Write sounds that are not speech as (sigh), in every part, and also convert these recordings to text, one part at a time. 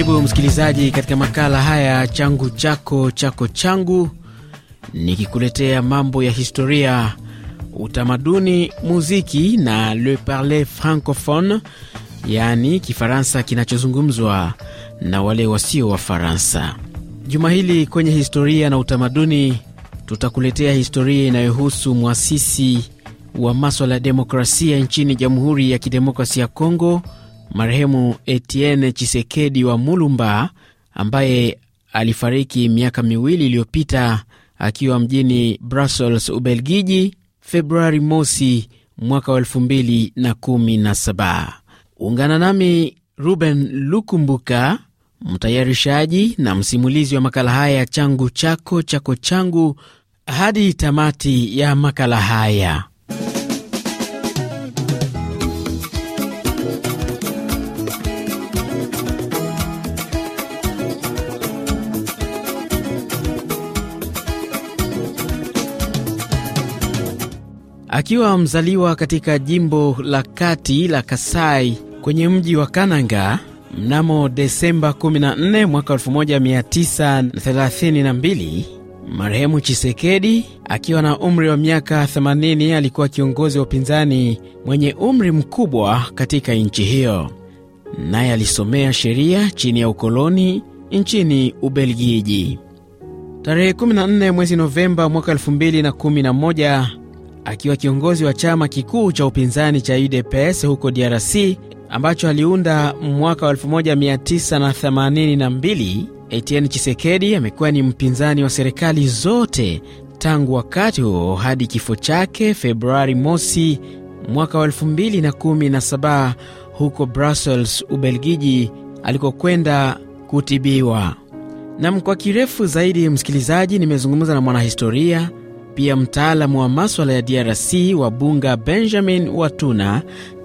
Karibu msikilizaji katika makala haya changu chako chako changu, nikikuletea mambo ya historia, utamaduni, muziki na le parle francophone, yaani Kifaransa kinachozungumzwa na wale wasio wa Faransa. Juma hili kwenye historia na utamaduni, tutakuletea historia inayohusu mwasisi wa maswala ya demokrasia nchini Jamhuri ya kidemokrasi ya Kongo Marehemu Etienne Chisekedi wa Mulumba ambaye alifariki miaka miwili iliyopita akiwa mjini Brussels, Ubelgiji, Februari mosi mwaka wa 2017. Ungana nami Ruben Lukumbuka, mtayarishaji na msimulizi wa makala haya, changu chako chako changu, hadi tamati ya makala haya. Akiwa mzaliwa katika jimbo la kati la Kasai kwenye mji wa Kananga mnamo Desemba 14 mwaka 1932, marehemu Chisekedi akiwa na umri wa miaka 80 alikuwa kiongozi wa upinzani mwenye umri mkubwa katika nchi hiyo, naye alisomea sheria chini ya ukoloni nchini Ubelgiji. Tarehe 14 mwezi Novemba mwaka akiwa kiongozi wa chama kikuu cha upinzani cha UDPS huko DRC ambacho aliunda mwaka wa 1982. Etienne Chisekedi amekuwa ni mpinzani wa serikali zote tangu wakati huo hadi kifo chake Februari mosi mwaka wa 2017 huko Brussels, Ubelgiji, alikokwenda kutibiwa. Nam, kwa kirefu zaidi, msikilizaji, nimezungumza na mwanahistoria pia mtaalamu wa maswala ya DRC wa Bunga, Benjamin Watuna,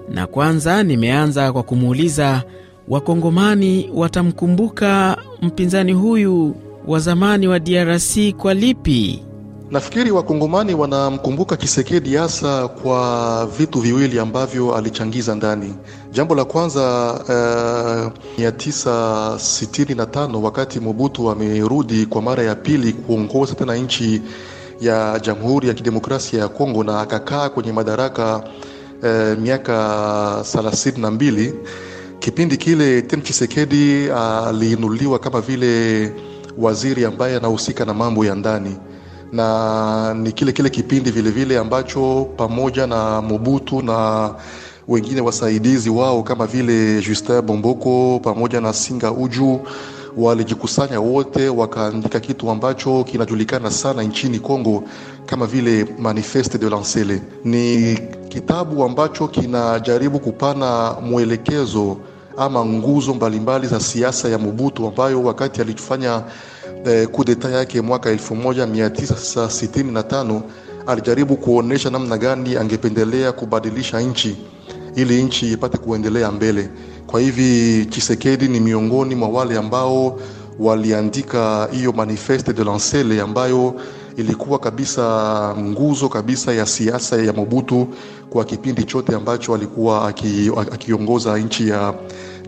na kwanza nimeanza kwa kumuuliza Wakongomani watamkumbuka mpinzani huyu wa zamani wa DRC kwa lipi? Nafikiri wakongomani wanamkumbuka Kisekedi hasa kwa vitu viwili ambavyo alichangiza ndani. Jambo la kwanza uh, wakati Mobutu amerudi kwa mara ya pili kuongoza tena nchi ya Jamhuri ya Kidemokrasia ya Kongo na akakaa kwenye madaraka eh, miaka thelathini na mbili. Kipindi kile Etienne chisekedi aliinuliwa kama vile waziri ambaye anahusika na mambo ya ndani na ni kile kile kipindi vile vile ambacho pamoja na Mobutu na wengine wasaidizi wao kama vile Justin Bomboko pamoja na Singa Uju walijikusanya wote wakaandika kitu ambacho kinajulikana sana nchini Kongo kama vile Manifeste de lancelle Ni kitabu ambacho kinajaribu kupana mwelekezo ama nguzo mbalimbali za siasa ya Mobutu ambayo wakati alifanya eh, kudeta yake mwaka 1965 alijaribu kuonesha namna gani angependelea kubadilisha nchi ili nchi ipate kuendelea mbele. Kwa hivi Chisekedi ni miongoni mwa wale ambao waliandika hiyo manifeste de lancele ambayo ilikuwa kabisa nguzo kabisa ya siasa ya Mobutu kwa kipindi chote ambacho alikuwa akiongoza nchi ya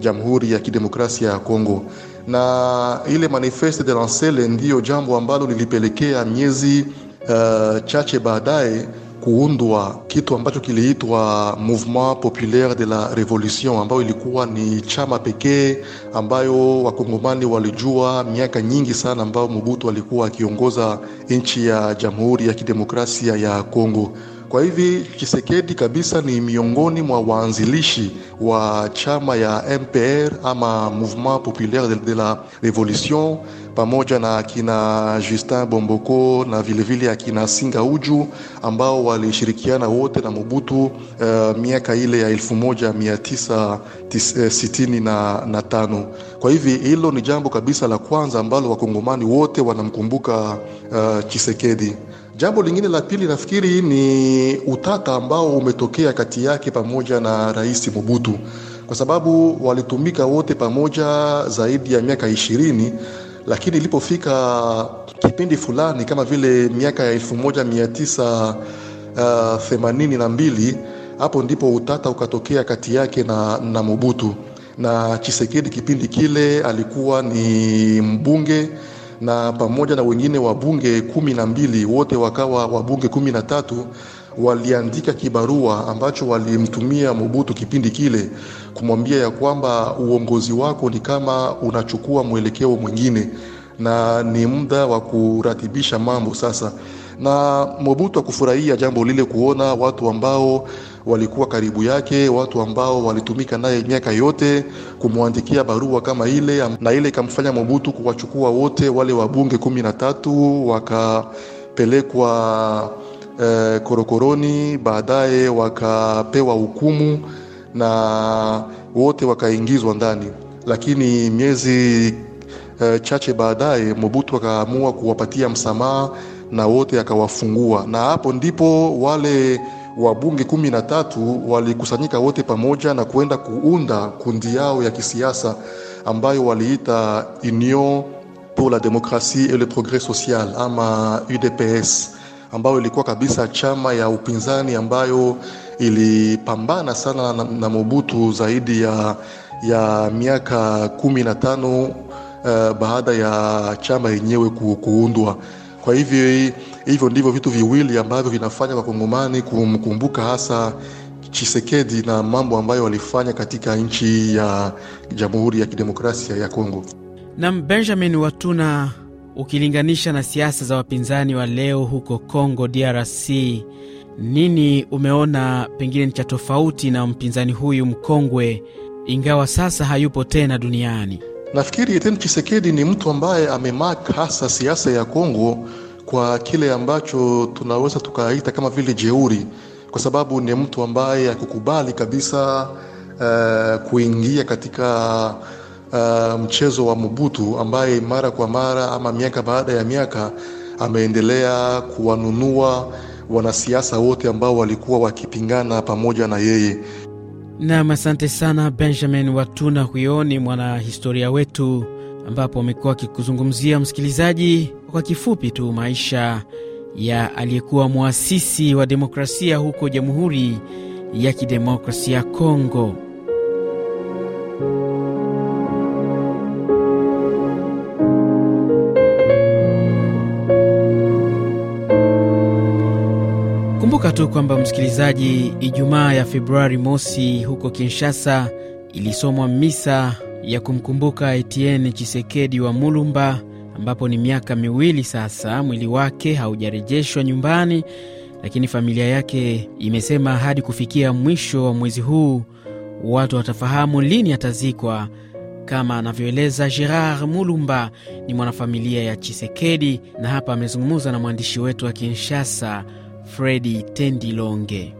Jamhuri ya Kidemokrasia ya Kongo, na ile manifeste de lancele ndiyo jambo ambalo lilipelekea miezi uh, chache baadaye kuundwa kitu ambacho kiliitwa Mouvement Populaire de la Revolution, ambayo ilikuwa ni chama pekee ambayo wakongomani walijua miaka nyingi sana, ambayo Mobutu alikuwa akiongoza nchi ya Jamhuri ya Kidemokrasia ya Kongo. Kwa hivi Chisekedi kabisa ni miongoni mwa waanzilishi wa chama ya MPR ama Mouvement Populaire de la Revolution pamoja na akina Justin Bomboko na vilevile akina Singa Uju ambao walishirikiana wote na Mobutu uh, miaka ile ya 1965. Eh, kwa hivi hilo ni jambo kabisa la kwanza ambalo wakongomani wote wanamkumbuka uh, eh, Chisekedi. Jambo lingine la pili nafikiri ni utata ambao umetokea kati yake pamoja na Rais Mobutu kwa sababu walitumika wote pamoja zaidi ya miaka ishirini lakini ilipofika kipindi fulani kama vile miaka ya elfu moja mia tisa uh, themanini na mbili hapo ndipo utata ukatokea kati yake na, na Mobutu na Chisekedi. Kipindi kile alikuwa ni mbunge na pamoja na wengine wabunge kumi na mbili wote wakawa wabunge kumi na tatu waliandika kibarua ambacho walimtumia Mobutu kipindi kile kumwambia ya kwamba uongozi wako ni kama unachukua mwelekeo mwingine na ni muda wa kuratibisha mambo sasa na Mobutu akufurahia jambo lile, kuona watu ambao walikuwa karibu yake, watu ambao walitumika naye miaka yote, kumwandikia barua kama ile, na ile ikamfanya Mobutu kuwachukua wote wale wabunge kumi na tatu wakapelekwa eh, korokoroni, baadaye wakapewa hukumu na wote wakaingizwa ndani, lakini miezi eh, chache baadaye Mobutu akaamua kuwapatia msamaha na wote akawafungua, na hapo ndipo wale wabunge kumi na tatu walikusanyika wote pamoja na kuenda kuunda kundi yao ya kisiasa ambayo waliita Union pour la démocratie et le progrès social ama UDPS ambayo ilikuwa kabisa chama ya upinzani ambayo ilipambana sana na, na Mobutu zaidi ya, ya miaka kumi na tano uh, baada ya chama yenyewe ku, kuundwa. Kwa hivyo hivyo ndivyo vitu viwili ambavyo vinafanya Wakongomani kumkumbuka hasa Chisekedi na mambo ambayo walifanya katika nchi ya Jamhuri ya Kidemokrasia ya Kongo. Nam Benjamin Watuna ukilinganisha na siasa za wapinzani wa leo huko Congo DRC, nini umeona pengine ni cha tofauti na mpinzani huyu mkongwe, ingawa sasa hayupo tena duniani? Nafikiri Etienne chisekedi ni mtu ambaye amemak hasa siasa ya Kongo kwa kile ambacho tunaweza tukaita kama vile jeuri, kwa sababu ni mtu ambaye akukubali kabisa uh, kuingia katika uh, mchezo wa mubutu ambaye mara kwa mara ama miaka baada ya miaka ameendelea kuwanunua wanasiasa wote ambao walikuwa wakipingana pamoja na yeye. Nam, asante sana Benjamin Watuna, huyo ni mwanahistoria wetu, ambapo amekuwa akikuzungumzia msikilizaji, kwa kifupi tu maisha ya aliyekuwa mwasisi wa demokrasia huko Jamhuri ya Kidemokrasia ya Kongo. Kumbuka tu kwamba msikilizaji, Ijumaa ya Februari mosi huko Kinshasa ilisomwa misa ya kumkumbuka Etienne Chisekedi wa Mulumba, ambapo ni miaka miwili sasa mwili wake haujarejeshwa nyumbani, lakini familia yake imesema hadi kufikia mwisho wa mwezi huu watu watafahamu lini atazikwa. Kama anavyoeleza Gerard Mulumba, ni mwanafamilia ya Chisekedi, na hapa amezungumza na mwandishi wetu wa Kinshasa Fredi Tendilonge.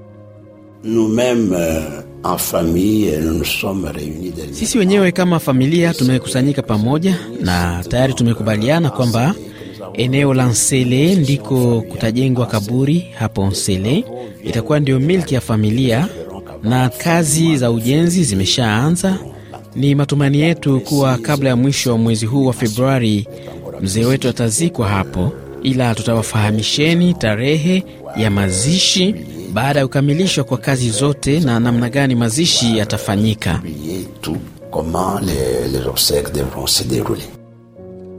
Euh, euh, Sisi wenyewe kama familia tumekusanyika pamoja na tayari tumekubaliana kwamba eneo la Nsele ndiko kutajengwa kaburi. Hapo Nsele itakuwa ndio milki ya familia na kazi za ujenzi zimeshaanza. Ni matumaini yetu kuwa kabla ya mwisho wa mwezi huu wa Februari mzee wetu atazikwa hapo ila tutawafahamisheni tarehe ya mazishi baada ya kukamilishwa kwa kazi zote na namna gani mazishi yatafanyika.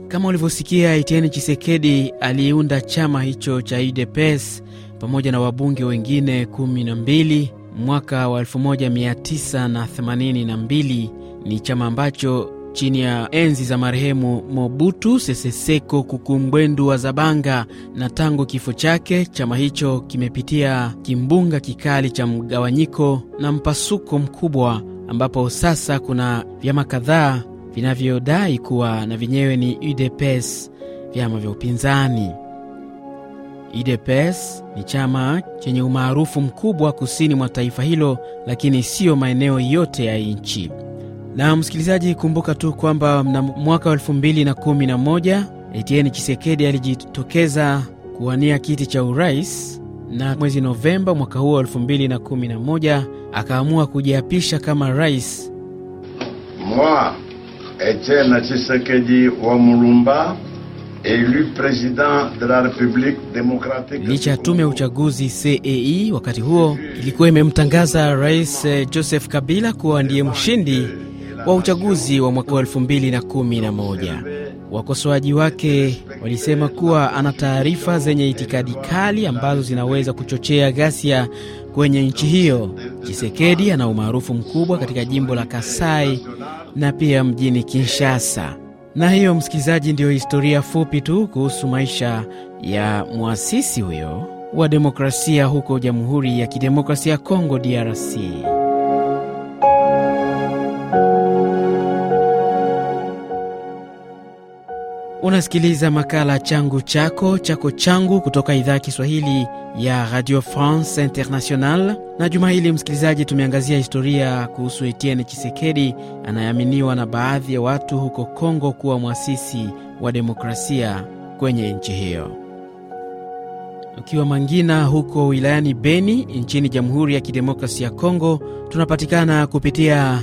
Kama ulivyosikia, Etienne Chisekedi aliunda chama hicho cha UDPS pamoja na wabunge wengine 12 mwaka wa 1982. Ni chama ambacho chini ya enzi za marehemu Mobutu Sese Seko Mbwendu wa Zabanga, na tangu kifo chake chama hicho kimepitia kimbunga kikali cha mgawanyiko na mpasuko mkubwa, ambapo sasa kuna vyama kadhaa vinavyodai kuwa na vyenyewe ni UDPS, vyama vya upinzani. UDPS ni chama chenye umaarufu mkubwa kusini mwa taifa hilo, lakini siyo maeneo yote ya nchi. Na msikilizaji, kumbuka tu kwamba mwaka wa elfu mbili na kumi na moja Chisekedi alijitokeza kuwania kiti cha urais, na mwezi Novemba mwaka huo wa elfu mbili na kumi na moja akaamua kujiapisha kama rais. Mwa Etienne Chisekedi wa Mulumba licha ya tume ya uchaguzi CEI wakati huo ilikuwa imemtangaza rais eh, Joseph Kabila kuwa ndiye mshindi wa uchaguzi wa mwaka wa 2011. Wakosoaji wake walisema kuwa ana taarifa zenye itikadi kali ambazo zinaweza kuchochea ghasia kwenye nchi hiyo. Chisekedi ana umaarufu mkubwa katika jimbo la Kasai na pia mjini Kinshasa. Na hiyo, msikilizaji, ndiyo historia fupi tu kuhusu maisha ya mwasisi huyo wa demokrasia huko Jamhuri ya Kidemokrasia ya congo DRC. Unasikiliza makala changu chako chako changu kutoka idhaa ya Kiswahili ya Radio France International. Na juma hili, msikilizaji, tumeangazia historia kuhusu Etienne Chisekedi anayeaminiwa na baadhi ya watu huko Kongo kuwa mwasisi wa demokrasia kwenye nchi hiyo. Ukiwa Mangina huko wilayani Beni nchini Jamhuri ya kidemokrasi ya Kongo, tunapatikana kupitia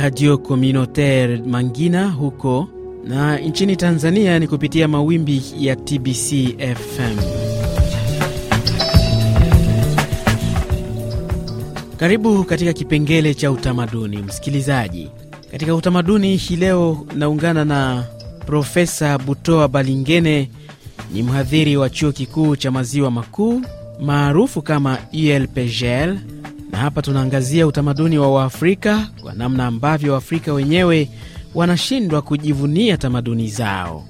Radio Communautaire Mangina huko na nchini Tanzania ni kupitia mawimbi ya TBC FM. Karibu katika kipengele cha utamaduni, msikilizaji. Katika utamaduni hii leo naungana na Profesa Butoa Balingene, ni mhadhiri wa chuo kikuu cha maziwa makuu maarufu kama ULPGL, na hapa tunaangazia utamaduni wa Waafrika kwa namna ambavyo Waafrika wenyewe wanashindwa kujivunia tamaduni zao.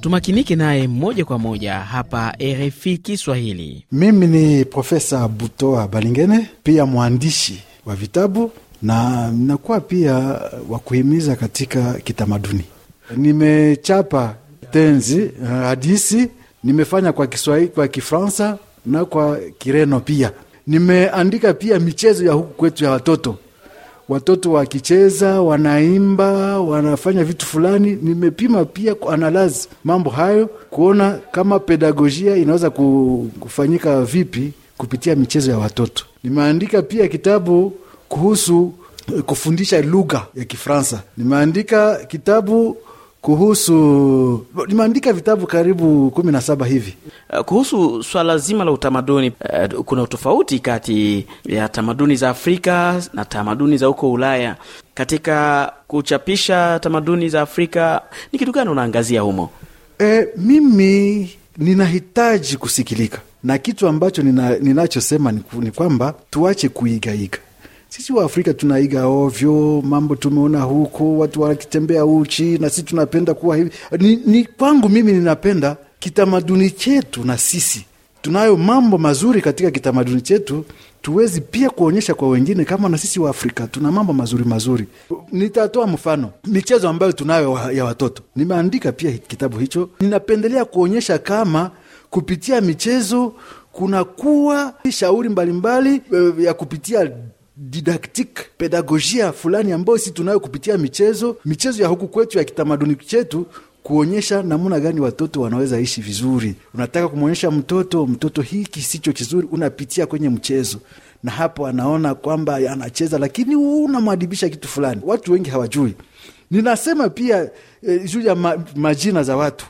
Tumakinike naye moja kwa moja hapa RFI Kiswahili. Mimi ni Profesa Butoa Balingene, pia mwandishi wa vitabu na nakuwa pia wa kuhimiza katika kitamaduni. Nimechapa tenzi eh, hadisi, nimefanya kwa Kiswahili, kwa Kifransa na kwa Kireno pia. Nimeandika pia michezo ya huku kwetu ya watoto watoto wakicheza, wanaimba, wanafanya vitu fulani. Nimepima pia kuanalazi mambo hayo, kuona kama pedagojia inaweza kufanyika vipi kupitia michezo ya watoto. Nimeandika pia kitabu kuhusu eh, kufundisha lugha ya Kifaransa. Nimeandika kitabu kuhusu nimeandika vitabu karibu kumi na saba hivi eh, kuhusu swala zima la utamaduni. Uh, kuna utofauti kati ya tamaduni za Afrika na tamaduni za huko Ulaya. Katika kuchapisha tamaduni za Afrika, ni kitu gani unaangazia humo? E, mimi ninahitaji kusikilika na kitu ambacho ninachosema nina ni kwamba tuache kuigaiga sisi wa Afrika tunaiga ovyo mambo, tumeona huko watu wakitembea uchi, na sisi tunapenda kuwa hivi. Ni, ni kwangu mimi ninapenda kitamaduni chetu, na sisi tunayo mambo mazuri katika kitamaduni chetu, tuwezi pia kuonyesha kwa wengine kama na sisi wa Afrika tuna mambo mazuri mazuri. Nitatoa mfano michezo ambayo tunayo ya watoto, nimeandika pia kitabu hicho. Ninapendelea kuonyesha kama kupitia michezo kunakuwa shauri mbalimbali mbali, eh, ya kupitia didactique pedagojia fulani ambayo si tunayo kupitia michezo michezo ya huku kwetu ya kitamaduni chetu kuonyesha namna gani watoto wanaweza ishi vizuri. Unataka kumwonyesha mtoto mtoto hiki sicho kizuri, unapitia kwenye mchezo, na hapo anaona kwamba anacheza, lakini unamwadibisha kitu fulani. Watu wengi hawajui. Ninasema pia eh, juu ya ma, majina za watu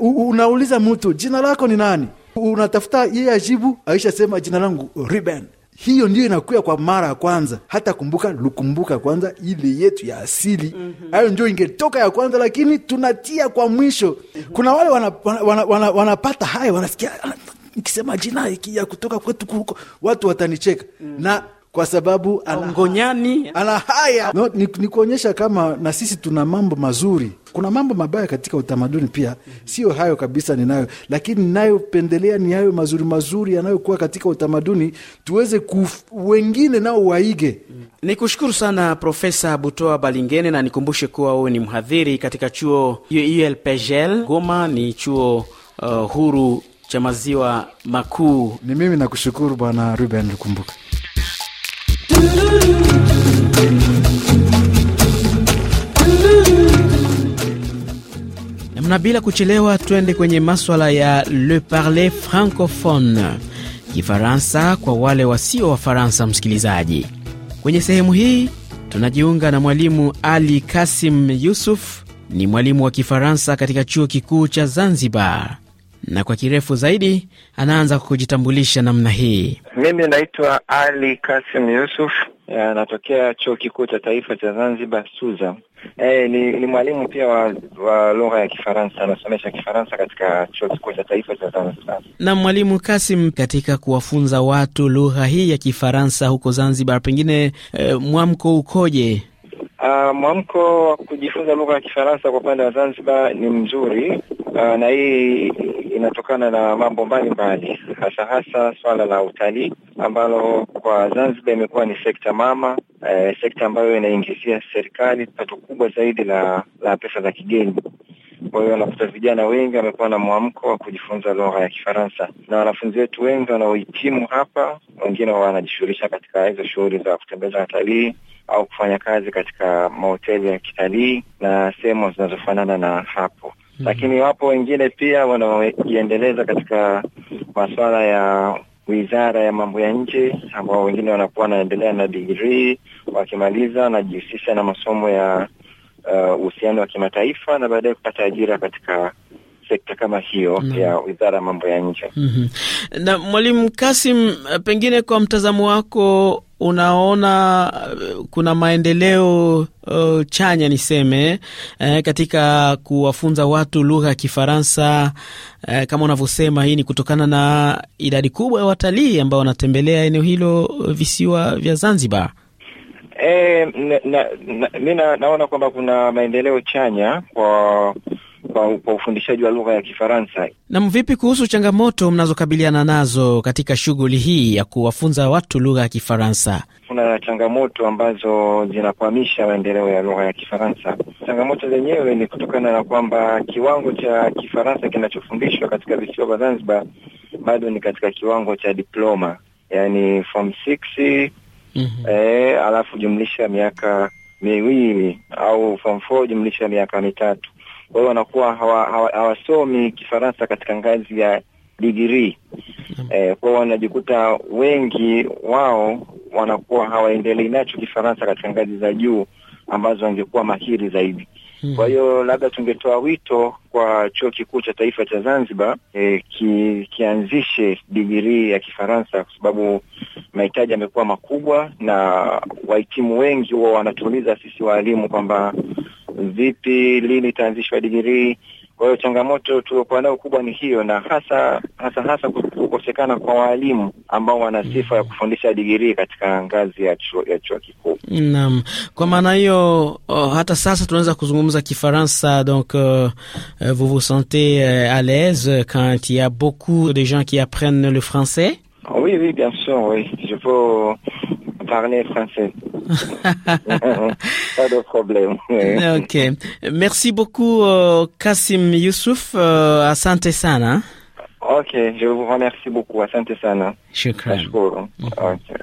uh, unauliza mtu jina lako ni nani, unatafuta yeye ajibu, aishasema jina langu Ruben hiyo ndio inakuya kwa mara ya kwanza. Hata kumbuka lukumbuka kwanza ile yetu ya asili mm -hmm. ndio ingetoka ya kwanza, lakini tunatia kwa mwisho. Kuna wale wanapata wana, wana, wana haya wanasikia ah, nikisema jina ya kutoka kwetu kuko watu watanicheka mm. na kwa sababu ngonyani ana haya no, ni, ni kuonyesha kama na sisi tuna mambo mazuri. Kuna mambo mabaya katika utamaduni pia mm -hmm. Sio hayo kabisa ninayo, lakini nayopendelea ni hayo mazuri mazuri yanayokuwa katika utamaduni, tuweze wengine nao waige. mm -hmm. Ni kushukuru sana Profesa Butoa Balingene na nikumbushe kuwa wewe ni mhadhiri katika chuo ULPGL Goma, ni chuo uh, huru cha maziwa makuu. Ni mimi nakushukuru Bwana Ruben Lukumbuka. Namna bila kuchelewa, twende kwenye maswala ya le parler francophone, Kifaransa kwa wale wasio Wafaransa. Msikilizaji, kwenye sehemu hii tunajiunga na mwalimu Ali Kasim Yusuf. Ni mwalimu wa Kifaransa katika chuo kikuu cha Zanzibar na kwa kirefu zaidi anaanza kujitambulisha namna hii. Mimi naitwa Ali Kasim Yusuf, anatokea eh, Chuo Kikuu cha Taifa cha Zanzibar SUZA. E, ni, ni mwalimu pia wa, wa lugha ya Kifaransa, anasomesha Kifaransa katika Chuo Kikuu cha Taifa cha Zanzibar. Na Mwalimu Kasim, katika kuwafunza watu lugha hii ya Kifaransa huko Zanzibar, pengine e, mwamko ukoje? Uh, mwamko wa kujifunza lugha ya Kifaransa kwa upande wa Zanzibar ni mzuri. Uh, na hii inatokana na mambo mbalimbali, hasa hasa swala la utalii ambalo kwa Zanzibar imekuwa ni sekta mama e, sekta ambayo inaingizia serikali pato kubwa zaidi la la pesa za kigeni. Kwa hiyo wanakuta vijana wengi wamekuwa na mwamko wa kujifunza lugha ya Kifaransa, na wanafunzi wetu wengi wanaohitimu hapa, wengine wanajishughulisha katika hizo shughuli za kutembeza watalii au kufanya kazi katika mahoteli ya kitalii na sehemu zinazofanana na hapo. Mm-hmm. Lakini wapo wengine pia wanaojiendeleza katika masuala ya wizara ya mambo ya nje, ambao wengine wanakuwa wanaendelea na digri wakimaliza wanajihusisha na masomo ya uh, uhusiano wa kimataifa na baadaye kupata ajira katika sekta kama hiyo mm. ya wizara ya mambo ya nje. mm -hmm. Na Mwalimu Kasim, pengine kwa mtazamo wako unaona eh, kuna maendeleo uh, chanya niseme, eh, katika kuwafunza watu lugha ya Kifaransa eh, kama unavyosema, hii ni kutokana na idadi kubwa ya watalii ambao wanatembelea eneo hilo, eh, visiwa vya Zanzibar. E, na, na, na, mi naona kwamba kuna maendeleo chanya kwa kwa ufundishaji wa lugha ya Kifaransa. nam vipi kuhusu changamoto mnazokabiliana nazo katika shughuli hii ya kuwafunza watu lugha ya Kifaransa? Kuna changamoto ambazo zinakwamisha maendeleo ya lugha ya Kifaransa. Changamoto zenyewe ni kutokana na kwamba kiwango cha Kifaransa kinachofundishwa katika visiwa vya Zanzibar bado ni katika kiwango cha diploma, yani form six. mm -hmm. E, alafu jumlisha miaka miwili au form four jumlisha miaka mitatu wao wanakuwa hawasomi hawa, hawa Kifaransa katika ngazi ya digrii mm. Mm-hmm. E, eh, kwa wanajikuta wengi wao wanakuwa hawaendelei nacho Kifaransa katika ngazi za juu ambazo wangekuwa mahiri zaidi mm. Kwa hiyo labda tungetoa wito kwa Chuo Kikuu cha Taifa cha Zanzibar e, ki, kianzishe digrii ya Kifaransa kwa sababu mahitaji yamekuwa makubwa na wahitimu wengi huwa wanatuuliza sisi waalimu kwamba vipi, lini itaanzishwa digrii? Kwa hiyo changamoto tuliokuwa nayo kubwa ni hiyo, na hasa hasa hasa kukosekana kwa waalimu ambao wana sifa ya kufundisha digirii katika ngazi ya chuo ya chuo kikuu. Naam, kwa maana hiyo oh, hata sasa tunaweza kuzungumza Kifaransa donc euh, vous vous sentez e, à l'aise quand il y a beaucoup de gens qui apprennent le français? Oui, oui, bien sûr, oui. Je peux parler français. (laughs) Pas de problème. ok. Merci beaucoup, euh, Kassim Youssouf. Euh, à saint sana. Ok, je vous remercie beaucoup. Asante sana. Shukran. Nashukuru. Mhm. Okay.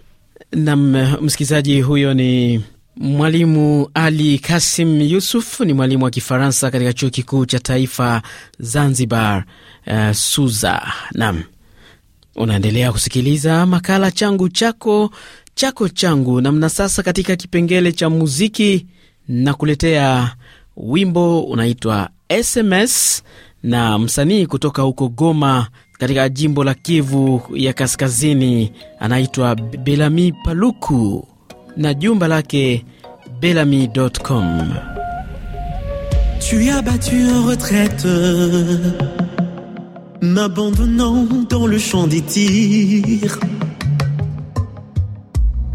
Nam, euh, msikilizaji huyo ni Mwalimu Ali Kasim Yusuf ni mwalimu wa Kifaransa katika chuo kikuu cha taifa Zanzibar, uh, SUZA. Nam, unaendelea kusikiliza makala changu chako chako changu. Namna sasa, katika kipengele cha muziki na kuletea wimbo unaitwa SMS na msanii kutoka huko Goma katika jimbo la Kivu ya Kaskazini, anaitwa Belami Paluku na jumba lake belami.com. Tu as battu en retraite m'abandonnant dans le champ des tirs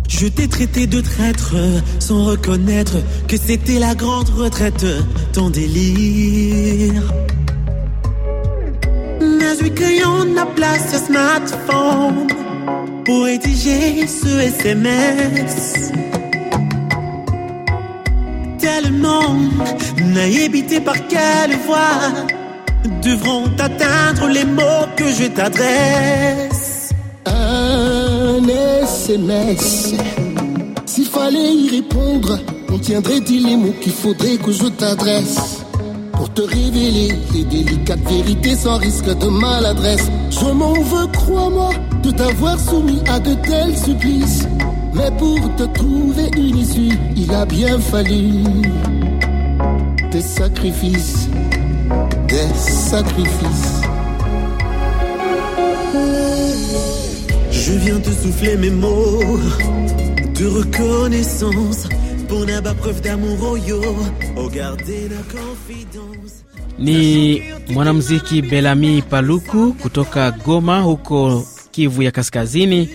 Je t'ai traité de traître sans reconnaître que c'était la grande retraite, ton délire. Mais créé en a place smartphone pour rédiger ce SMS. Tellement naïbité par quelle voix devront atteindre les mots que je t'adresse. SMS. S'il fallait y répondre, On tiendrait dit les mots qu'il faudrait que je t'adresse Pour te révéler les délicates vérités sans risque de maladresse. Je m'en veux, crois-moi, de t'avoir soumis à de tels supplices. Mais pour te trouver une issue, il a bien fallu des sacrifices, des sacrifices. Je viens te souffler mes mots de reconnaissance pour n'avoir preuve d'amour yo. Oh, gardez la confidence. Ni mwanamuziki Belami Paluku kutoka Goma huko Kivu ya Kaskazini,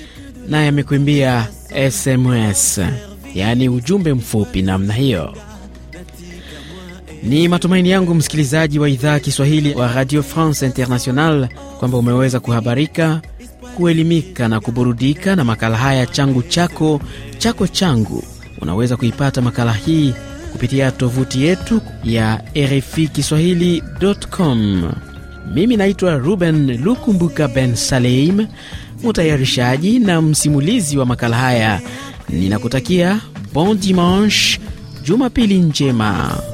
naye amekuimbia SMS, yaani ujumbe mfupi namna hiyo. Ni matumaini yangu msikilizaji wa idhaa Kiswahili wa Radio France International kwamba umeweza kuhabarika kuelimika na kuburudika na makala haya changu chako chako changu. Unaweza kuipata makala hii kupitia tovuti yetu ya RFI Kiswahili.com. Mimi naitwa Ruben Lukumbuka Ben Saleim, mutayarishaji na msimulizi wa makala haya. Ninakutakia bon dimanche, Jumapili njema.